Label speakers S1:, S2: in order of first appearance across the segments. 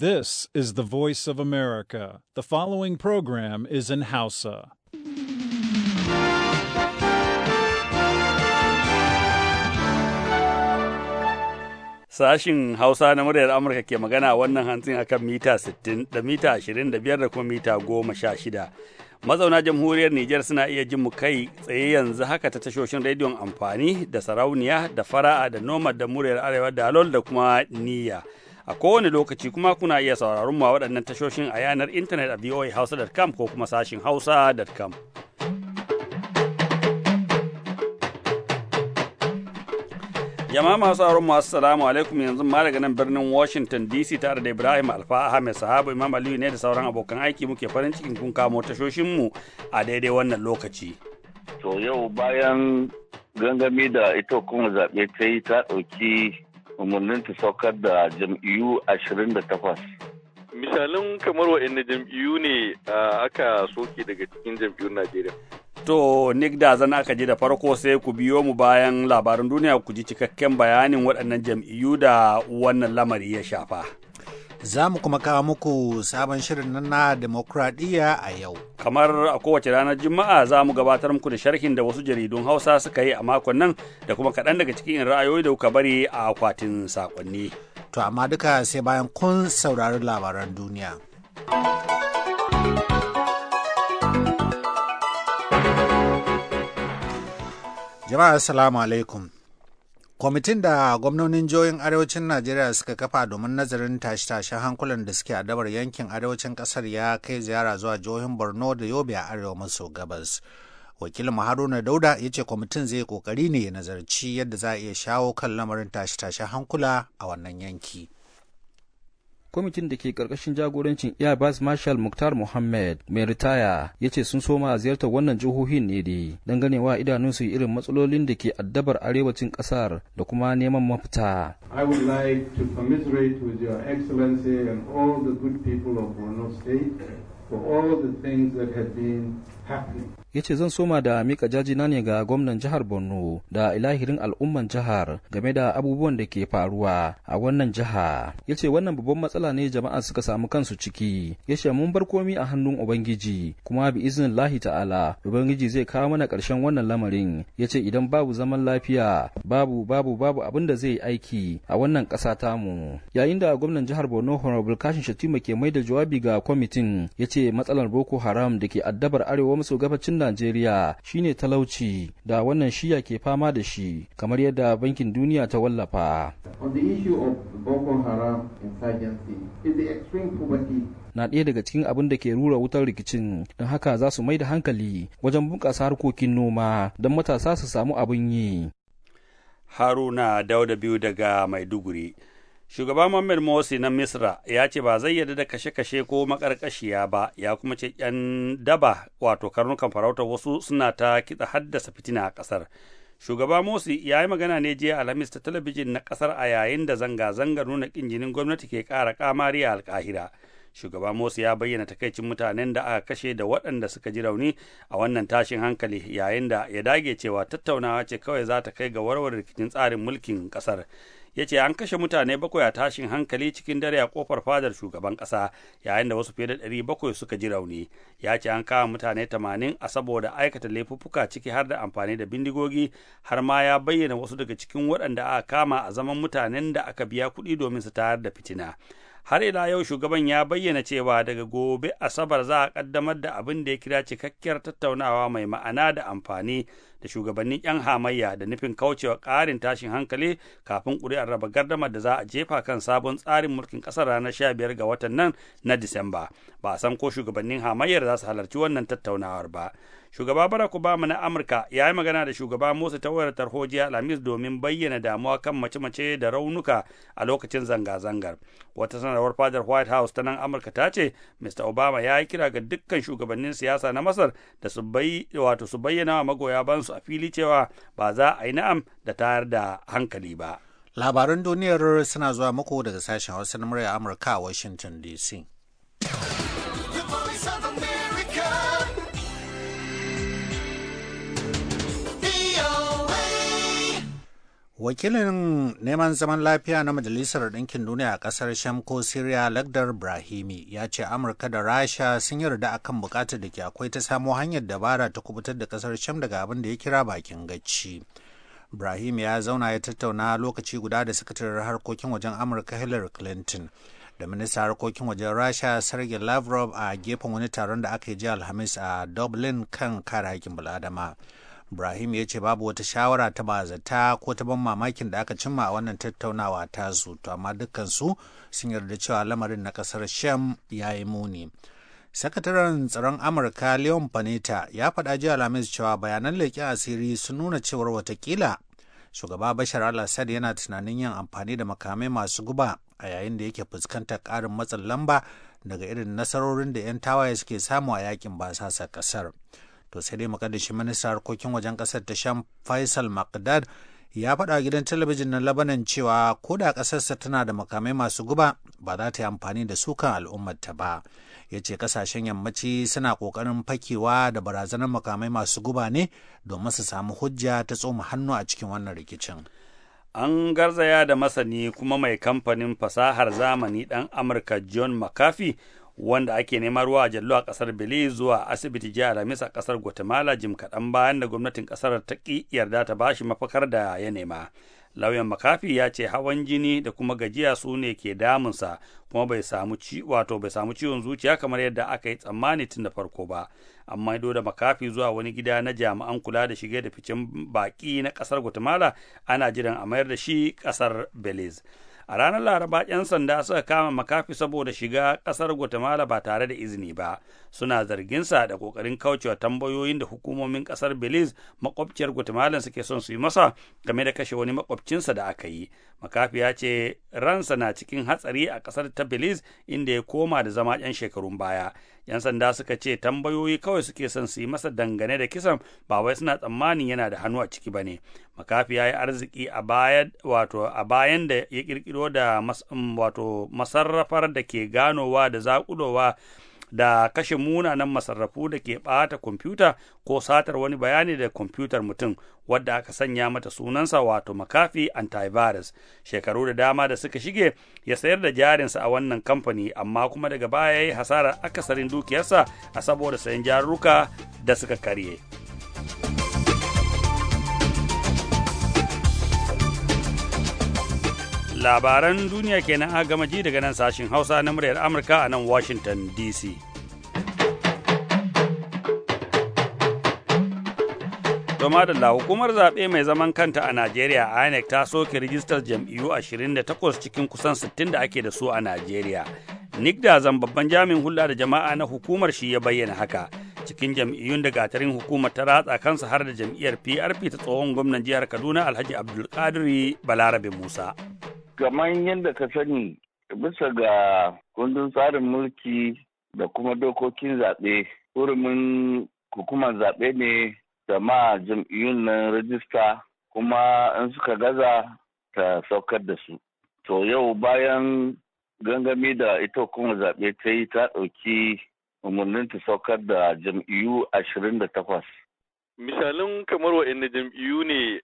S1: This is the voice of America. The following program is in Hausa.
S2: Sashin Hausa na muryar Amurka ke magana wannan hantsin akan mita 60 da mita 25 da kuma mita 16. mazauna jamhuriyar Nijar suna iya jin mu kai tsaye yanzu haka ta tashoshin rediyon amfani da sarauniya da fara'a da nomad da muryar arewa da alol da kuma niyya. a kowane lokaci kuma kuna iya sauraron mu a waɗannan tashoshin a yanar intanet a voahausa.com ko kuma sashin hausa.com. Jama'a masu auren mu assalamu alaikum yanzu ma daga nan birnin Washington DC tare da Ibrahim Alfa Ahmed Sahaba Imam Aliyu ne da sauran abokan aiki muke farin cikin kun kamo tashoshin mu a daidai wannan lokaci.
S3: To yau bayan gangami da ita kuma zaɓe ta yi ta ɗauki umarnin ta saukar da jam'iyyu 28.
S4: Misalin kamar waɗanda jam'iyyu ne aka soke daga cikin jam'iyyun Najeriya.
S2: To, Nick da zan aka ji da farko sai ku biyo mu bayan labarin duniya ku ji cikakken bayanin waɗannan jam'iyyu da wannan lamari ya shafa.
S5: za mu kuma kawo muku sabon shirin nan na demokradiyya a yau.
S2: Kamar a kowace ranar Juma'a za mu gabatar muku da sharhin da wasu jaridun Hausa suka yi a makon nan da kuma kaɗan daga cikin ra'ayoyi da kuka bari a akwatin saƙonni.
S5: To amma duka sai bayan kun saurari labaran duniya. Jama'a assalamu alaikum. kwamitin da gwamnonin jihohin arewacin najeriya suka kafa domin nazarin tashe-tashen hankulan da suke adabar yankin arewacin kasar ya kai ziyara zuwa jihohin borno da yobe a arewa maso gabas wakilin haruna dauda ya ce kwamitin zai kokari ne ya nazarci yadda za a iya shawo kan lamarin tashe-tashen hankula a wannan yanki.
S6: kwamitin da ke karkashin jagorancin airbus marshal muktar mohammed mai ritaya ya ce sun soma ziyartar wannan jihohin ne dai don ganewa yi irin matsalolin da ke addabar arewacin kasar da kuma neman mafita
S7: i would like to commiserate with your excellency and
S8: all the good people of borno state for all the things that have been happening
S6: ya ce zan soma da mika jajina ne ga gwamnan jihar borno da ilahirin al'umman jihar game da abubuwan da ke faruwa a wannan jiha ya ce wannan babban matsala ne jama'a suka samu kansu ciki ya ce mun bar komi a hannun ubangiji kuma bi iznin lahi ta'ala ubangiji zai kawo mana ƙarshen wannan lamarin ya ce idan babu zaman lafiya babu babu babu abin da zai aiki a wannan ƙasa tamu yayin da gwamnan jihar borno honorable kashin shatima ke mai da jawabi ga kwamitin ya ce matsalar boko haram da ke addabar arewa maso gabacin Najeriya shine talauci da wannan shiya ke fama da shi kamar yadda bankin duniya ta wallafa. na ɗaya daga cikin abin da ke rura wutar rikicin don haka za su mai da hankali wajen bunƙasa harkokin noma don matasa su samu abin yi.
S2: Haruna Dauda biyu daga Maiduguri. Shugaba Muhammad Morsi na Misra ya ce ba zai yarda da kashe-kashe ko makarkashiya ba, ya kuma ce ‘yan daba wato karnukan farauta wasu suna ta kitsa haddasa fitina a ƙasar. Shugaba Morsi ya yi magana ne jiya Alhamis ta talabijin na ƙasar a yayin da zanga-zangar nuna ƙin jinin gwamnati ke ƙara ƙamari a alƙahira. shugaba Morsi ya bayyana takaicin mutanen da aka kashe da waɗanda suka ji rauni a wannan tashin hankali yayin da ya dage cewa tattaunawa ce kawai za ta kai ga warware rikicin tsarin mulkin ƙasar ya ce an kashe mutane bakwai a tashin hankali cikin dare a kofar fadar shugaban ƙasa yayin da wasu fiye da ɗari bakwai suka ji rauni ya ce an kama mutane tamanin a saboda aikata laifuffuka ciki har da amfani da bindigogi har ma ya bayyana wasu daga cikin waɗanda aka kama a zaman mutanen da aka biya kuɗi domin su tayar da fitina har ila yau shugaban ya bayyana cewa daga gobe asabar za a kaddamar da abin da ya kira cikakkiyar tattaunawa mai ma'ana da amfani da shugabannin 'yan hamayya da nufin kaucewa ƙarin tashin hankali kafin ƙuri'ar raba gardamar da za a jefa kan sabon tsarin mulkin ƙasar ranar 15 ga watan nan na Disamba. Ba a san ko shugabannin hamayyar za su halarci wannan tattaunawar ba. shugaba barack obama na amurka ya yi magana da shugaba musa ta wayar lamis domin bayyana damuwa kan mace-mace da raunuka a lokacin zanga-zangar wata sanarwar fadar white house ta nan amurka ta ce mr obama ya yi kira ga dukkan shugabannin siyasa na masar da su bayyana wa magoya bansu su a fili cewa ba za a yi na'am da tayar da
S5: hankali ba. Labaran duniyar suna zuwa muku daga sashen Hausa na murya Amurka a Washington DC. wakilin neman zaman lafiya na majalisar ɗinkin duniya a ƙasar sham ko syria lagdar brahimi ya ce amurka da rasha sun yarda akan buƙatar da ke akwai ta samo hanyar dabara ta kubutar da ƙasar sham daga abin da ya kira bakin gaci brahim ya zauna ya tattauna lokaci guda da sakataren harkokin wajen amurka hillary clinton da ministan harkokin wajen rasha sergei lavrov a gefen wani taron da aka yi jiya alhamis a dublin kan kare haƙƙin bil'adama. Ibrahim ya ce babu wata shawara ta ba zata ko ta ban mamakin da aka cimma a wannan tattaunawa ta su to amma dukkansu sun yarda cewa lamarin na kasar Sham ya yi muni. Sakataren tsaron Amurka Leon Panetta ya faɗa jiya Alhamis cewa bayanan leƙen asiri sun nuna cewar watakila shugaba Bashar al-Assad yana tunanin yin amfani da makamai masu guba a yayin da yake fuskantar ƙarin matsin lamba daga irin nasarorin da 'yan tawaye suke samu a yakin basasa ƙasar. kasar. to sai dai shi ministan harkokin wajen kasar ta sham faisal makdad ya faɗa gidan talabijin na labanan cewa ko da ƙasarsa tana da makamai masu guba ba za ta yi amfani da su kan al'ummarta ba ya ce ƙasashen yammaci suna ƙoƙarin fakewa da barazanar makamai masu guba ne domin su samu hujja ta tsoma hannu a cikin wannan rikicin
S2: an garzaya da masani kuma mai kamfanin fasahar zamani ɗan amurka john mcafee wanda ake neman ruwa a jallo a kasar Belize zuwa asibiti jiya Alhamis a kasar Guatemala jim kaɗan bayan da gwamnatin kasar ta ƙi yarda ta bashi mafakar da ya nema. Lauyan makafi ya ce hawan jini da kuma gajiya su ne ke damunsa kuma bai samu ci wato bai samu ciwon zuciya kamar yadda aka yi tsammani tun da farko ba. Amma ido da makafi zuwa wani gida na jami'an kula da shige da ficen baƙi na ƙasar Guatemala ana jiran a mayar da shi ƙasar Belize. A ranar Laraba 'yan sanda suka kama makafi saboda shiga ƙasar Guatemala ba tare da izini ba, suna zarginsa da ƙoƙarin kaucewa tambayoyin da hukumomin ƙasar Belize makwabciyar Guatemala suke son su yi masa game da kashe wani makwabcinsa da aka yi. Makafi ya ce ransa na cikin hatsari a ƙasar ta Belize inda ya koma da zama 'yan shekarun baya. 'Yan sanda suka ce tambayoyi kawai suke son su yi masa dangane da kisan ba wai suna tsammanin yana da hannu a ciki ba ne. Makafi ya yi arziki a bayan wato a bayan da ya kirkiro da wato masarrafar da ke ganowa da zakudowa da kashe munanan masarrafu da ke ɓata kwamfuta ko satar wani bayani da kwamfutar mutum wadda aka sanya mata sunansa wato makafi antivirus shekaru da dama da suka shige ya sayar da jarinsa a wannan kamfani amma kuma daga baya ya yi hasarar akasarin dukiyarsa a saboda sayan jarurruka da suka karye. labaran duniya kenan a gama ji daga nan sashin hausa na muryar amurka a nan washington dc Doma da hukumar zaɓe mai zaman kanta a Najeriya INEC ta soke rijistar jam'iyyu 28 cikin kusan 60 da ake da su a Najeriya. Nick zan babban jami'in hulɗa da jama'a na hukumar shi ya bayyana haka. Cikin jam'iyyun da gatarin hukumar ta ratsa kansa har da jam'iyyar PRP ta tsohon gwamnan jihar Kaduna Alhaji Abdulkadir
S3: Balarabe Musa. kamar yadda ka sani bisa ga kundin tsarin mulki da kuma dokokin zaɓe hurumin hukumar zaɓe ne da ma jam'iyyun nan rajista kuma in suka gaza ta saukar da su to yau bayan gangami da ita hukumar zaɓe ta yi ta ɗauki umarnin ta saukar da jam'iyyu ashirin da takwas
S4: misalin kamar wa'in jam'iyyu ne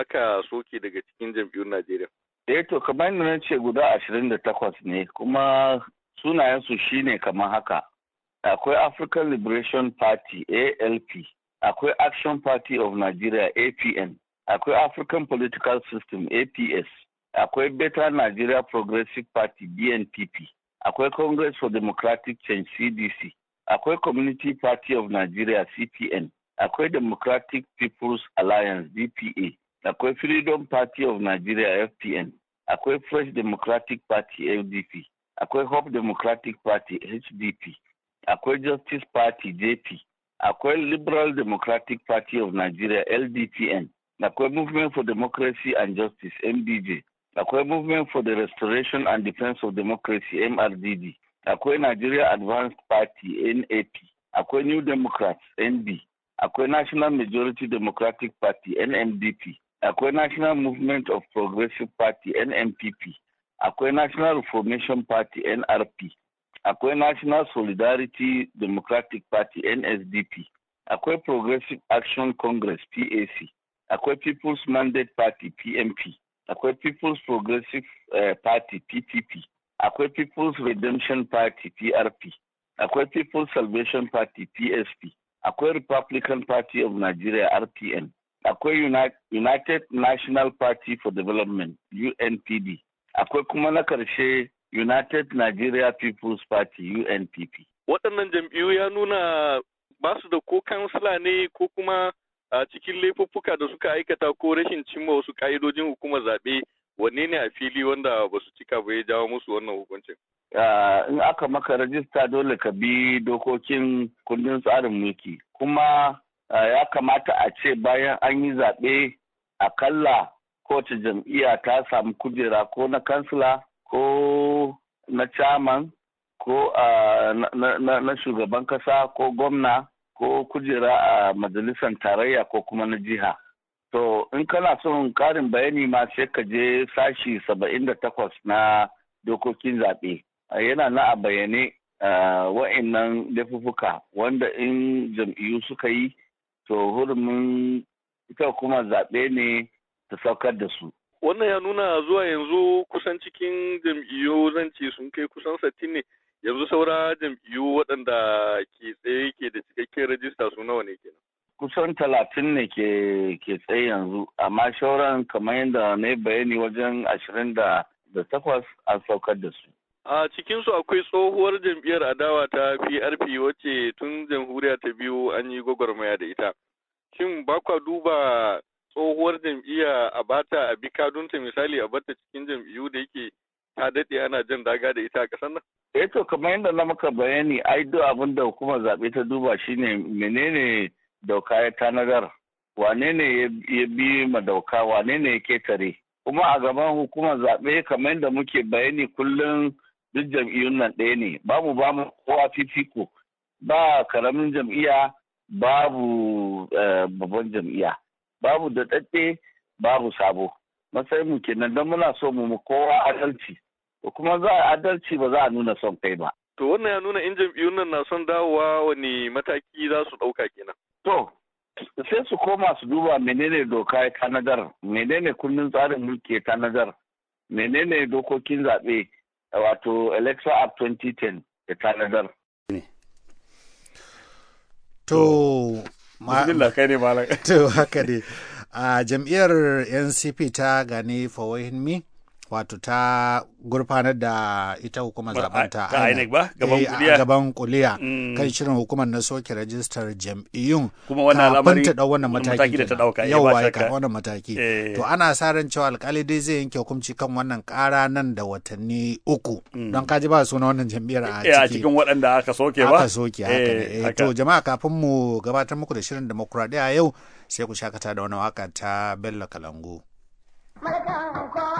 S4: aka soke daga cikin
S3: jam'iyyun najeriya eh to kamar yadda na ce guda ashirin da takwas ne kuma sunayensu shine kamar haka akwai african liberation party alp akwai action party of nigeria apn akwai african political system aps akwai better nigeria progressive party bnpp akwai congress for democratic change cdc akwai community party of nigeria cpn akwai democratic people's alliance dpa akwai freedom party of nigeria fpn akwai fresh democratic party ldp akwai hope democratic party hdp akwai justice party jp akwai liberal democratic party of nigeria ldpn akwai movement for democracy and justice mdj akwai movement for the restoration and defense of democracy mrdd akwai nigeria advanced party nap akwai new democrats nd akwai national majority democratic party nmdp akwai national movement of progressive party nnpp akwai national reformation party nrp akwai national solidarity democratic party nsdp akwai progressive action congress pac akwai people's mandate party pmp akwai people's progressive uh, party ppp akwai people's redemption party prp akwai people's salvation party psp akwai republican party of nigeria rpn akwai United National Party for Development UNPD akwai kuma na karshe United Nigeria People's Party UNPP.
S4: Waɗannan jam'iyyu ya nuna ba su da ko kansila ne ko kuma a cikin laifuffuka da suka aikata ko rashin cimma wasu ƙa'idojin hukumar zaɓe wanne ne a fili wanda ba su cika ba ya jawo musu wannan hukuncin.
S3: In aka maka rajista dole ka bi dokokin kundin tsarin mulki kuma ya kamata a ce bayan an yi zaɓe akalla kowace jam'iyya ta samu kujera ko na kansila ko na chairman ko na shugaban kasa ko gwamna ko kujera a majalisar tarayya ko kuma na jiha. To in kana son karin bayani ma sai ka je sashi saba'in da takwas na dokokin zaɓe. Yana na a bayyane wa'annan laifuffuka wanda in jam'iyyu suka yi to hurumin ita kuma zaɓe ne ta saukar da su. Wannan
S4: ya nuna zuwa yanzu kusan cikin jam'iyyu ce sun kai kusan sattin ne yanzu saura jam'iyyu waɗanda ke tsaye ke da cikakken rajista su nawa ne kenan.
S3: Kusan talatin ne ke ke tsaye yanzu amma shauran kamar yadda na bayani wajen ashirin da takwas an saukar da su.
S4: A cikinsu akwai tsohuwar jam'iyyar adawa ta PRP wacce tun jamhuriya ta biyu an yi gwagwarmaya da ita. Shin ba kwa duba tsohuwar jam'iyya a bata a bi kadunta misali a bata cikin jam'iyyu da yake ta daɗe ana jan daga da ita a ƙasar nan?
S3: Eh to kamar yadda na maka bayani ai duk abin da hukumar zaɓe ta duba shine menene dauka ya tanadar wane ne ya bi ma dauka wane ne ya ketare kuma a gaban hukumar zaɓe kamar yadda muke bayani kullum duk jam'iyyun nan ɗaya ne babu ba mu kowa fifiko ba karamin jam'iyya babu eh, babban jam'iyya babu da ɗaɗɗe, babu sabo matsayin mu kenan don muna so mu kowa adalci kuma za a adalci ba za a nuna son kai ba
S4: to wannan ya nuna in jam'iyyun nan na son dawowa wani mataki za su ɗauka kenan
S3: to sai su koma su duba menene doka ya tanadar menene kundin tsarin mulki ya tanadar menene dokokin zaɓe wato electoral app 2010 da tanadar
S5: to ma
S3: kai ne malam
S2: to
S5: haka ne a jam'iyyar ncp ta gane fawahin mi wato ta gurfanar da ita hukumar zaben ta INEC ba gaban eh, kuliya gaban kuliya mm. kan shirin hukumar na soke rajistar jam'iyyun kuma wannan al'amari ta dau wannan mataki da ta dauka yau wai ka wannan mataki eh. to ana sa ran cewa alkali dai zai yanke hukunci kan wannan kara nan da watanni uku mm. don kaji ba suna wannan jam'iyyar a eh, cikin
S2: waɗanda aka soke ba aka soke haka to
S5: jama'a kafin mu gabatar muku da shirin demokradiya yau sai ku shakata da wani waka ta Bello Kalango.
S1: Malakan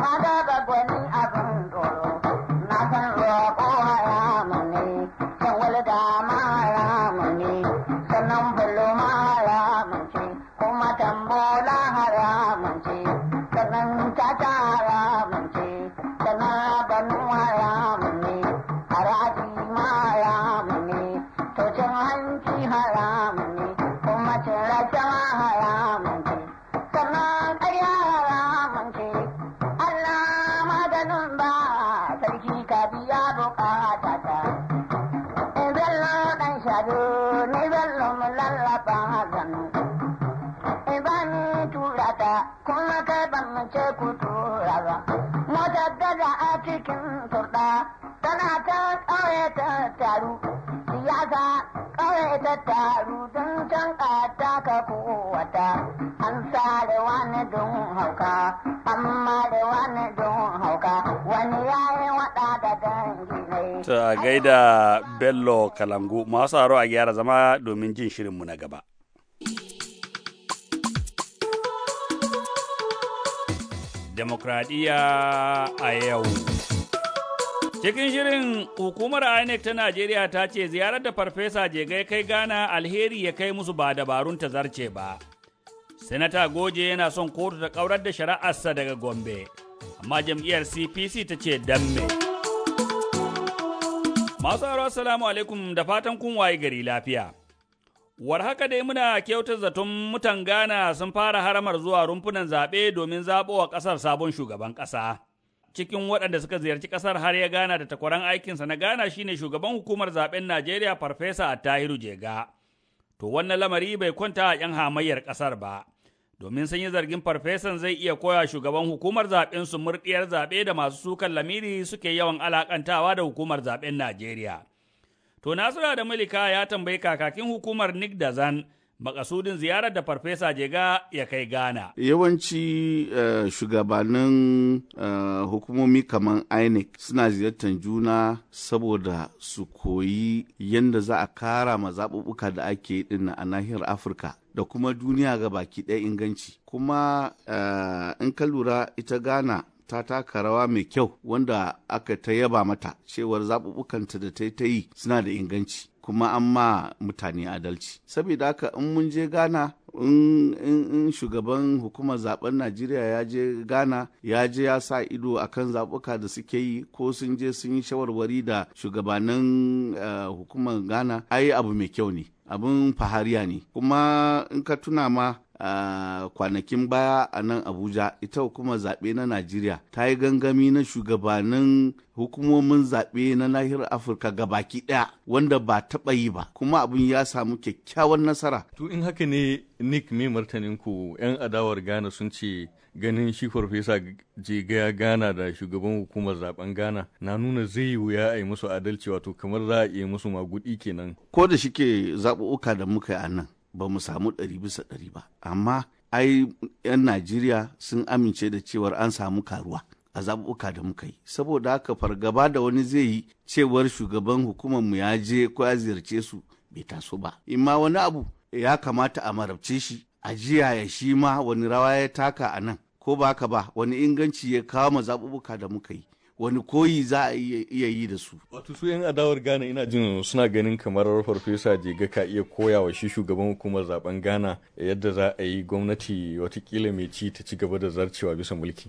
S1: Father an sare wani don hauka an wani don hauka wani ya yi wada da dangi
S2: ta gaida bello kalangu masu haro a gyara zama domin jin shirinmu na gaba demokradiyya a yau. Cikin shirin hukumar INEC ta Najeriya ta ce ziyarar da Farfesa Jegai kai Ghana alheri ya kai musu ba dabarun ta zarce ba. Sanata Goje yana son kotu ta kaurar da shari'arsa daga Gombe, amma jam'iyyar CPC ta ce dan me. Masu aro assalamu alaikum da fatan kun waye gari lafiya. War haka dai muna kyautar zaton mutan Ghana sun fara haramar zuwa rumfunan zaɓe domin zaɓowa ƙasar sabon shugaban ƙasa. cikin waɗanda suka ziyarci ƙasar har ya gana da takwaran aikinsa na Ghana shine shugaban hukumar Zaɓen Najeriya Farfesa Attahiru Jega. To wannan lamari bai kwanta a ‘yan hamayyar ƙasar ba, domin sun yi zargin farfesan zai iya koya shugaban hukumar zaben su murɗiyar zaɓe da masu sukan lamiri suke yawan alakantawa da hukumar zaben Najeriya. To Nasura da mulika ya tambayi kakakin hukumar Nick Dazan makasudin ziyarar da farfesa jega ya kai ghana
S8: yawanci uh, shugabannin eh, hukumomi kamar inec suna ziyartar juna saboda su koyi yadda za a kara ma zaɓuɓɓuka da ake yi a nahiyar afirka da kuma duniya ga baki ɗaya inganci kuma eh, in ka lura ita ghana ta taka rawa mai kyau wanda aka ta yaba mata cewar zaɓuɓɓukanta da ta yi ta yi suna da inganci kuma an ma mutane adalci saboda haka in mun je ghana in shugaban hukumar zaben najeriya ya je ghana ya je ya sa ido akan zaɓuka da suke yi ko sun je sun yi shawarwari da shugabannin eh, hukumar ghana ayi abu mai kyau ne abin fahariya ne kuma in ka tuna ma kwanakin baya a nan abuja ita hukumar zaɓe na najeriya ta yi gangami na shugabannin hukumomin zaɓe na nahiyar afirka ga baki ɗaya wanda ba taɓa yi ba kuma abin ya samu kyakkyawan nasara
S4: to in haka ne nick mai martanin ku 'yan adawar ghana sun ce ganin shi farfesa gaya ghana da shugaban hukumar zaben ghana na nuna zai wuya a yi musu adalci wato kamar za a iya musu magudi
S8: kenan ko da shike zaɓuɓɓuka da muka yi a nan ba mu samu ɗari bisa ɗari ba amma ai 'yan najeriya sun amince da cewar an samu karuwa a zaɓuɓɓuka da muka yi saboda haka fargaba da wani zai yi cewar shugaban hukumar mu ya je ko ya ziyarce su bai taso ba imma wani abu ya kamata a marabce shi a jiya ya shi ma wani rawa ya taka a nan ko ba ka ba wani inganci ya kawo ma zaɓuɓɓuka da muka yi wani koyi za a iya yi da su.
S4: Wato su 'yan adawar Ghana ina jin suna ganin kamar farfesa jega ka iya koya wa shi shugaban hukumar zaben Ghana yadda za a yi
S8: gwamnati watakila mai ci ta ci gaba da zarcewa bisa mulki.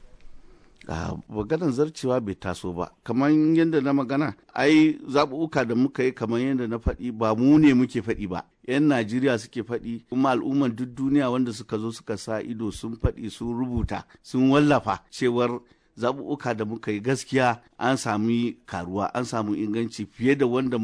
S8: maganar zarcewa bai taso ba kamar yadda na magana ai zaɓuɓɓuka da muka yi kamar yadda na faɗi ba mu ne muke faɗi ba 'yan najeriya suke faɗi kuma al'ummar duk duniya wanda suka zo suka sa ido sun faɗi sun rubuta sun wallafa cewar zaɓuɓɓuka da muka yi gaskiya an sami karuwa an samu inganci fiye da wanda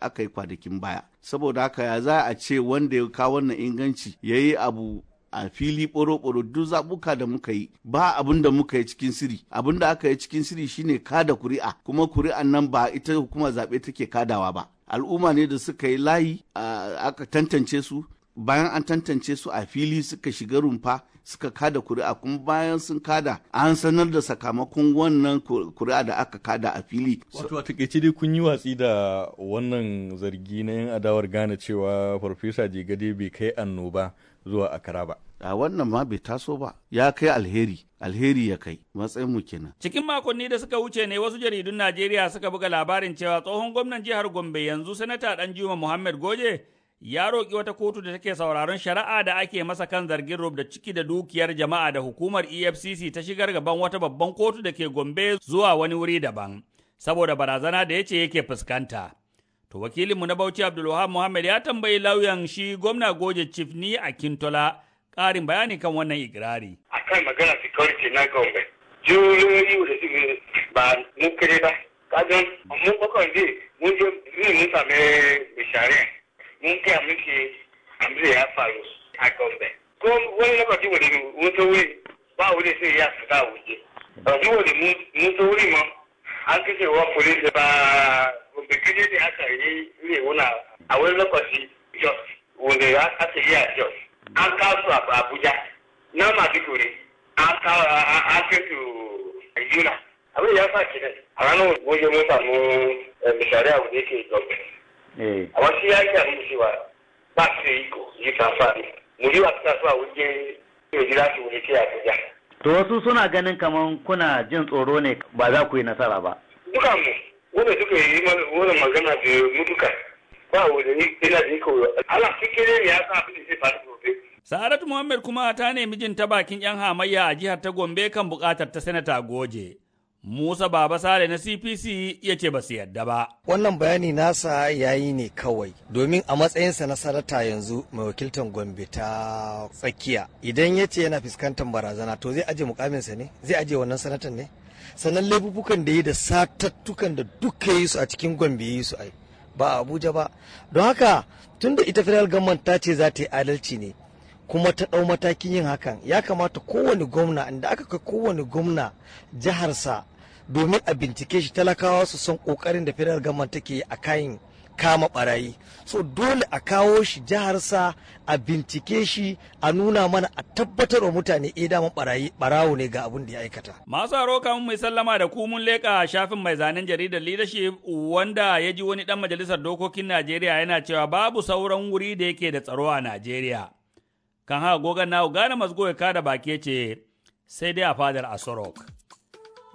S8: aka yi kwadakin baya saboda haka ya za a ce wanda ya kawo wannan inganci ya yi abu a fili ɓoro duk zaɓuka da muka yi ba abin da muka yi cikin siri abin da aka yi cikin siri shine kada kuri'a kuma kuri'an nan ba ita hukumar zaɓe take kadawa ba al'umma ne da suka yi layi aka tantance su bayan an tantance su a fili suka shiga rumfa suka kada kuri'a kuma bayan sun kada an sanar da sakamakon wannan kuri'a da aka kada a fili. Wato
S4: a takaice dai kun yi watsi da wannan zargi
S8: na yan adawar gane cewa farfesa jigade bai kai annoba zuwa akara ba. A wannan ma bai taso ba ya kai alheri alheri ya kai matsayin mu kenan.
S2: Cikin makonni da suka wuce ne wasu jaridun Najeriya suka buga labarin cewa tsohon gwamnan jihar Gombe yanzu sanata Danjuma Muhammad Goje ya roƙi wata kotu da take sauraron shari'a da ake masa kan zargin da ciki da dukiyar jama'a da hukumar EFCC ta shigar gaban wata babban kotu da ke Gombe zuwa wani wuri daban, saboda barazana da yace yake fuskanta. To wakilinmu na Bauchi Abdulwahab Muhammad ya tambayi lauyan shi gwamna goje Chief ni a Kintola ƙarin bayani kan wannan ikirari.
S3: A magana security na Gombe, juriyoyi da su ba mun kare ba, kagan mun kwakwan mun je mun same shari'a mun taya muke amsa ya faru a gombe ko wani lokaci wani mun so wuri ba wuri sai ya fita waje yanzu wani mun so wuri ma an kashe wa polisi ba bikin da aka yi ne wani a wani lokaci jos wanda aka yi a jos an kasu a abuja na maduguri an kawo an kasu a yuna abin ya sa kenan a ranar wajen mun samu eh, misali a wanda yake gombe Awasiliaji aliruhusiwa basi iko hii safari, mliwa sasa uje ujira kuelekea Abuja.
S1: To wasu suna ganin kamar kuna jin tsoro ne ba
S3: za
S2: ku yi nasara ba.
S3: Duka mu wanda suka yi wani magana da mutuka ba wanda ina da iko ala fikire ne ya sa abin da zai faru gobe.
S2: Sa'adatu Muhammad kuma ta nemi jin ta bakin 'yan hamayya a jihar ta Gombe kan bukatar ta sanata goje. Musa Baba Sale na CPC ya ce ba su yadda ba.
S9: Wannan bayani nasa ya yi ne kawai domin a matsayinsa na Sarata yanzu mai wakiltar Gombe ta tsakiya. Idan ya ce yana fuskantar barazana to zai aje mukaminsa ne? Zai aje wannan sanatan ne? Sannan laifukan da yi da satattukan da duka yi su a cikin Gombe yi su ai. Ba a Abuja ba. Don haka tun da ita federal government ta ce za ta yi adalci ne kuma ta ɗau matakin yin hakan ya kamata kowane gwamna inda aka kai kowane gwamna jiharsa domin a bincike shi talakawa su san kokarin da federal government take a kayan kama barayi so dole a kawo shi jiharsa a bincike shi a nuna mana a tabbatar wa mutane e eh, daman barayi barawo ne ga abin da ya aikata
S2: masu haro kamun mai sallama da kumun mun leka shafin mai zanen jaridar leadership wanda ya ji wani dan majalisar dokokin Najeriya yana cewa babu sauran wuri da yake da tsaro a Najeriya kan haka gogon na gane masu goyi kada baki ce sai dai a fadar Asorok.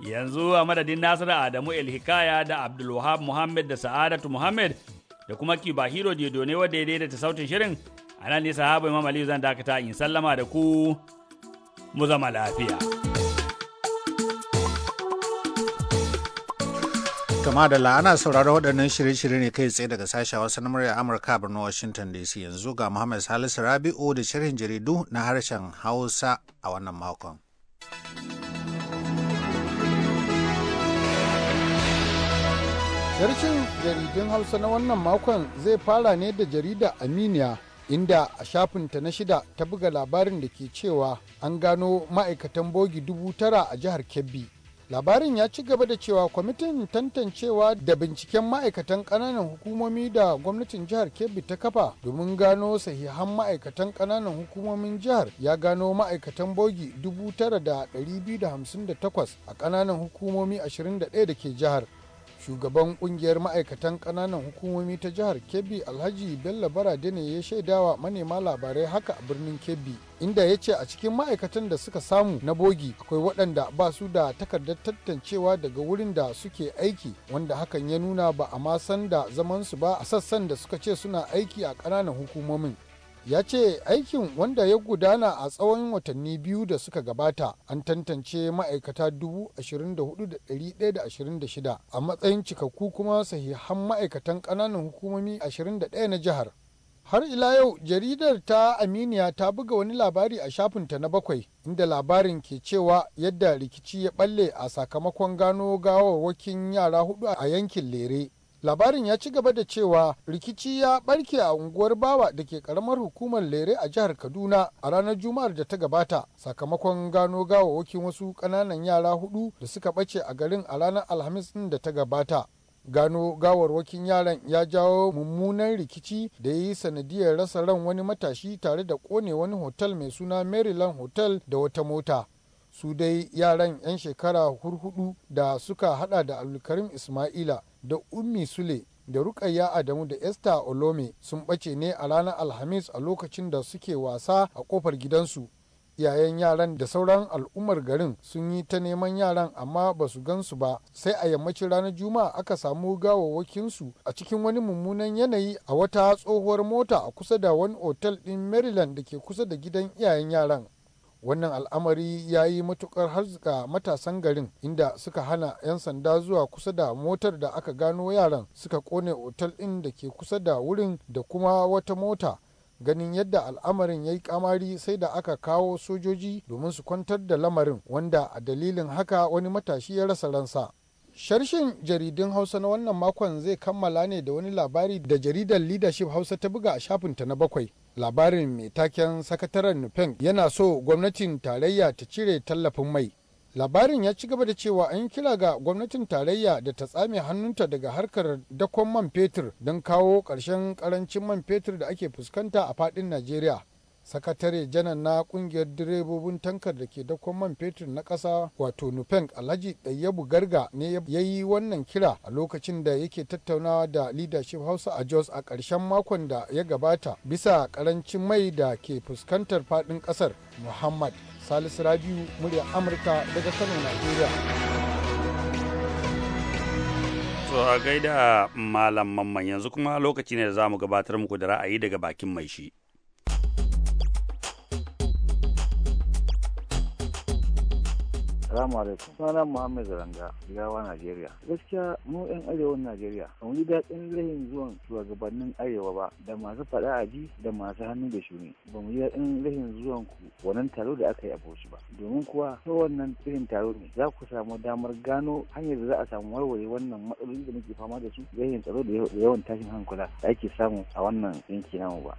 S2: yanzu a madadin nasiru adamu elhikaya da abdulwahab muhammad da sa'adatu muhammad da kuma kiba hero dedo ne wadda ya daidaita sautin shirin a nan ne sahaba imam aliyu zan dakata in sallama da ku mu zama lafiya
S5: kama da la'ana sauraron waɗannan shirye-shirye ne kai tsaye daga sashen wasu na murya amurka birnin washington dc yanzu ga muhammad salisu rabi'u da shirin jaridu na harshen hausa a wannan makon
S7: Sarkin jaridun Hausa na wannan makon zai fara ne da jarida Aminiya inda a shafinta na shida ta buga labarin da ke cewa an gano ma'aikatan bogi dubu tara a jihar Kebbi. Labarin ya ci gaba da cewa kwamitin tantancewa da binciken ma'aikatan ƙananan hukumomi da gwamnatin jihar Kebbi ta kafa domin gano sahihan ma'aikatan ƙananan hukumomin jihar ya gano ma'aikatan bogi dubu tara da biyu da hamsin takwas a ƙananan hukumomi ashirin da ɗaya da ke jihar. shugaban kungiyar ma'aikatan kananan hukumomi ta jihar kebbi alhaji bello barade ne ya shaidawa manema labarai haka a birnin kebbi inda ya ce a cikin ma'aikatan da suka samu na bogi akwai waɗanda ba su da takardar tantancewa daga wurin da suke aiki wanda hakan ya nuna ba a ma san da zamansu ba a sassan da suka ce suna aiki a kananan hukumomin ya ce aikin wanda ya gudana a tsawon watanni biyu da suka gabata an tantance ma'aikata 24,126 a matsayin cikakku kuma sahihan ma'aikatan kananan hukumomi 21 na jihar har ila yau jaridar ta aminiya ta buga wani labari a shafinta na bakwai inda labarin ke cewa yadda rikici ya balle a sakamakon gano gawarwakin yara hudu a yankin lere labarin ya ci gaba da cewa rikici ya barke a unguwar bawa da ke karamar hukumar lere a jihar kaduna a ranar juma'ar da ta gabata sakamakon gano gawawakin wasu kananan yara hudu da suka bace a garin a ranar alhamis din da ta gabata gano gawarwakin yaran ya jawo mummunan rikici da ya yi sanadiyar rasa ran wani matashi tare da kone wani hotel mai suna maryland hotel da wata mota su dai yaran 'yan shekara hurhudu da suka hada da alkarim ismaila da ummi sule da rukayya adamu da esther olome sun bace ne a ranar alhamis a lokacin da suke wasa a kofar gidansu iyayen yaran da sauran al'ummar garin sun yi ta neman yaran amma ba su gan su ba sai a yammacin ranar juma'a aka samu gawawakinsu a cikin wani mummunan yanayi a wata tsohuwar mota a kusa da wani otal din maryland da ke kusa da gidan iyayen yaran wannan al'amari ya yi matukar harzika matasan garin inda suka hana 'yan sanda zuwa kusa da motar da aka gano yaran suka kone otal ɗin da ke kusa da wurin da kuma wata mota ganin yadda al'amarin ya yi kamari sai da aka kawo sojoji domin su kwantar da lamarin wanda a dalilin haka wani matashi ya rasa ransa sharshen jaridun Hausa na wannan makon zai kammala ne da wani labari da jaridar Leadership Hausa ta buga a shafinta na bakwai, labarin mai taken sakataren nupeng yana so gwamnatin tarayya ta cire tallafin mai labarin ya ci gaba da cewa an kira ga gwamnatin tarayya da ta tsame hannunta daga harkar dakon man fetur don kawo ƙarshen ƙarancin man fetur da ake fuskanta a faɗin najeriya sakatare janar na kungiyar direbobin tankar da ke dakon man fetur na kasa wato nupeng alhaji ɗayyabu garga ne ya yi wannan kira a lokacin da yake tattaunawa da leadership hausa a jos a ƙarshen makon da ya gabata bisa ƙarancin mai da ke fuskantar faɗin ƙasar muhammad salisu rabiu murya amurka daga kano najeriya
S2: To a gaida malam mamman yanzu kuma lokaci ne da za mu gabatar muku da ra'ayi daga bakin mai shi.
S6: Salamu alaikum. Sunana Muhammad Zaranga,
S3: Najeriya.
S6: Gaskiya mu 'yan arewan Najeriya, ba mu daɗin rahin zuwan shugabannin arewa ba da masu faɗa a ji da masu hannu da shuni. Ba mu yi daɗin rahin zuwan ku wannan taro da aka yi a Bauchi ba. Domin kuwa ta wannan irin taro ne za ku samu damar gano hanyar da za a samu warware wannan matsaloli da muke fama da su rahin tsaro da yawan tashin hankula da ake samu a wannan yanki namu ba.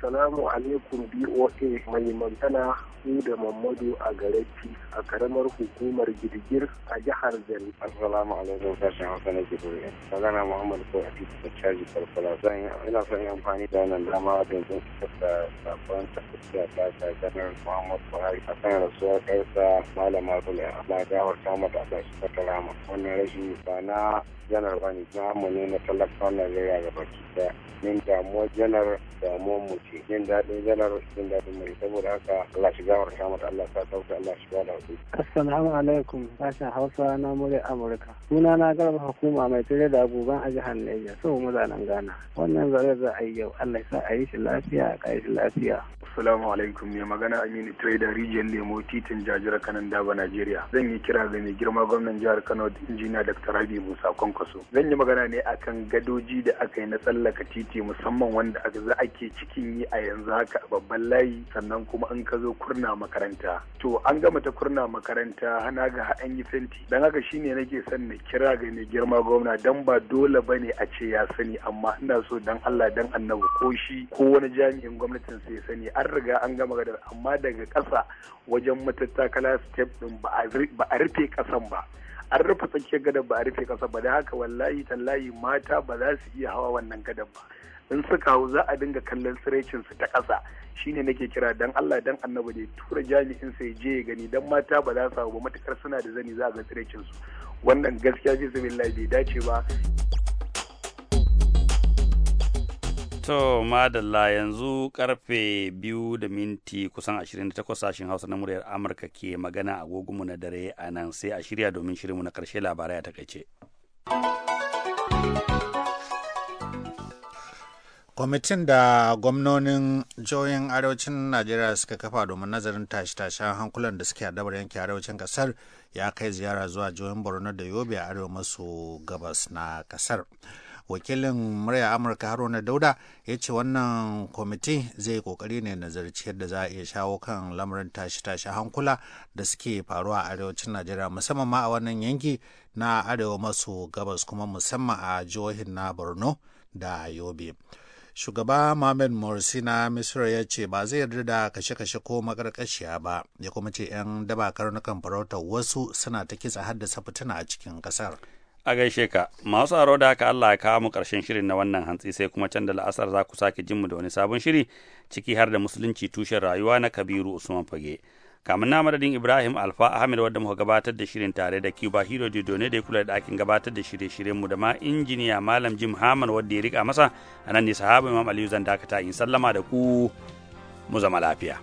S9: Salamu alaikum BOA mai magana ku da Mamadu a garaki a karamar ku hukumar girgir a jihar Delhi. Assalamu alaikum sashen Hausa na Jibril. Magana Muhammad ko Afi caji farfara. Zan ina son yi amfani da wannan dama don zan da sakon tafiya ta ta Muhammad Buhari a kan rasuwar karsa malama Zulai Allah gawar samar da Allah shi ta rama. Wannan ba na janar bane namu ne na talakawan Najeriya ga baki daya. Min damuwar janar damuwar mu ce. daɗin janar daɗin mai saboda haka Allah shi gawar samar da Allah sa sauka Allah shi ba
S3: da Assalamu alaikum sashen Hausa na mure Amurka. Suna na garba hukuma mai tare da agogon a jihar Niger so mu zanen Ghana. Wannan zarar za
S9: a yi yau Allah sa a yi shi lafiya a kai shi lafiya. Assalamu alaikum mai magana Aminu Trader Region Lemo Titin Jajira Kanan Daba Najeriya. Zan yi kira ga mai girma gwamnan jihar Kano Injiniya Dr. Rabi Musa Kwankwaso. Zan yi magana ne akan gadoji da aka yi na tsallaka titi musamman wanda aka za ake cikin yi a yanzu haka a babban layi sannan kuma in ka zo kurna makaranta. To an gama ta kurna makaranta hana ga an yi fenti dan haka shine nake son na kira ga mai girma gwamna don ba dole ne a ce ya sani amma ina so don Allah dan annabu ko shi ko wani jami'in gwamnatin sai sani an riga an gama gadar amma daga ƙasa wajen matattakala step din ba a rufe ƙasan ba an rufe tsakiyar gadar ba a rufe ƙasa ba da haka wallahi tallahi mata ba za su iya hawa wannan gadar ba in suka hau za a dinga kallon sirecin su ta ƙasa shine nake kira dan Allah dan annabi da tura jami'in sai je ya gani dan mata ba za su ba matukar suna da zani za a ga sirecin su wannan gaskiya fi sabilillahi bai dace ba
S2: To madalla yanzu karfe biyu da minti kusan 28 sashen Hausa na muryar Amurka ke magana agogunmu na dare a nan sai a shirya domin shirinmu na karshe labarai a
S5: takaice. kwamitin da gwamnonin jihohin arewacin najeriya suka kafa domin nazarin tashe-tashen hankulan da suke adabar yankin arewacin kasar ya kai ziyara zuwa jihohin borno da yobe a arewa maso gabas na kasar wakilin murya amurka haruna dauda ya ce wannan kwamiti zai kokari ne nazarci yadda za a iya shawo kan lamarin tashe-tashe hankula da suke faruwa a arewacin najeriya musamman ma a wannan yanki na arewa maso gabas kuma musamman a jihohin na borno da yobe shugaba mohamed morsi na misira ya ce ba zai yarda da kashe-kashe ko makarkashiya ba ya kuma ce 'yan daba karnukan farauta wasu suna ta kitsa haddasa fituna a cikin kasar
S2: a gaishe ka masu aro da haka Allah ya kawo mu karshen shirin na wannan hantsi sai kuma can da la'asar za ku sake jinmu da wani sabon shiri ciki har da musulunci tushen rayuwa na kabiru usman fage kamun na madadin ibrahim alfa ahmed wadda muka gabatar da shirin tare da cuba hero dido ne da ya kula da ɗakin gabatar da shirye-shiryen mu da ma injiniya malam jim haman wadda ya rika masa a nan ne sahabu imam aliyu zan dakata in sallama da ku mu zama lafiya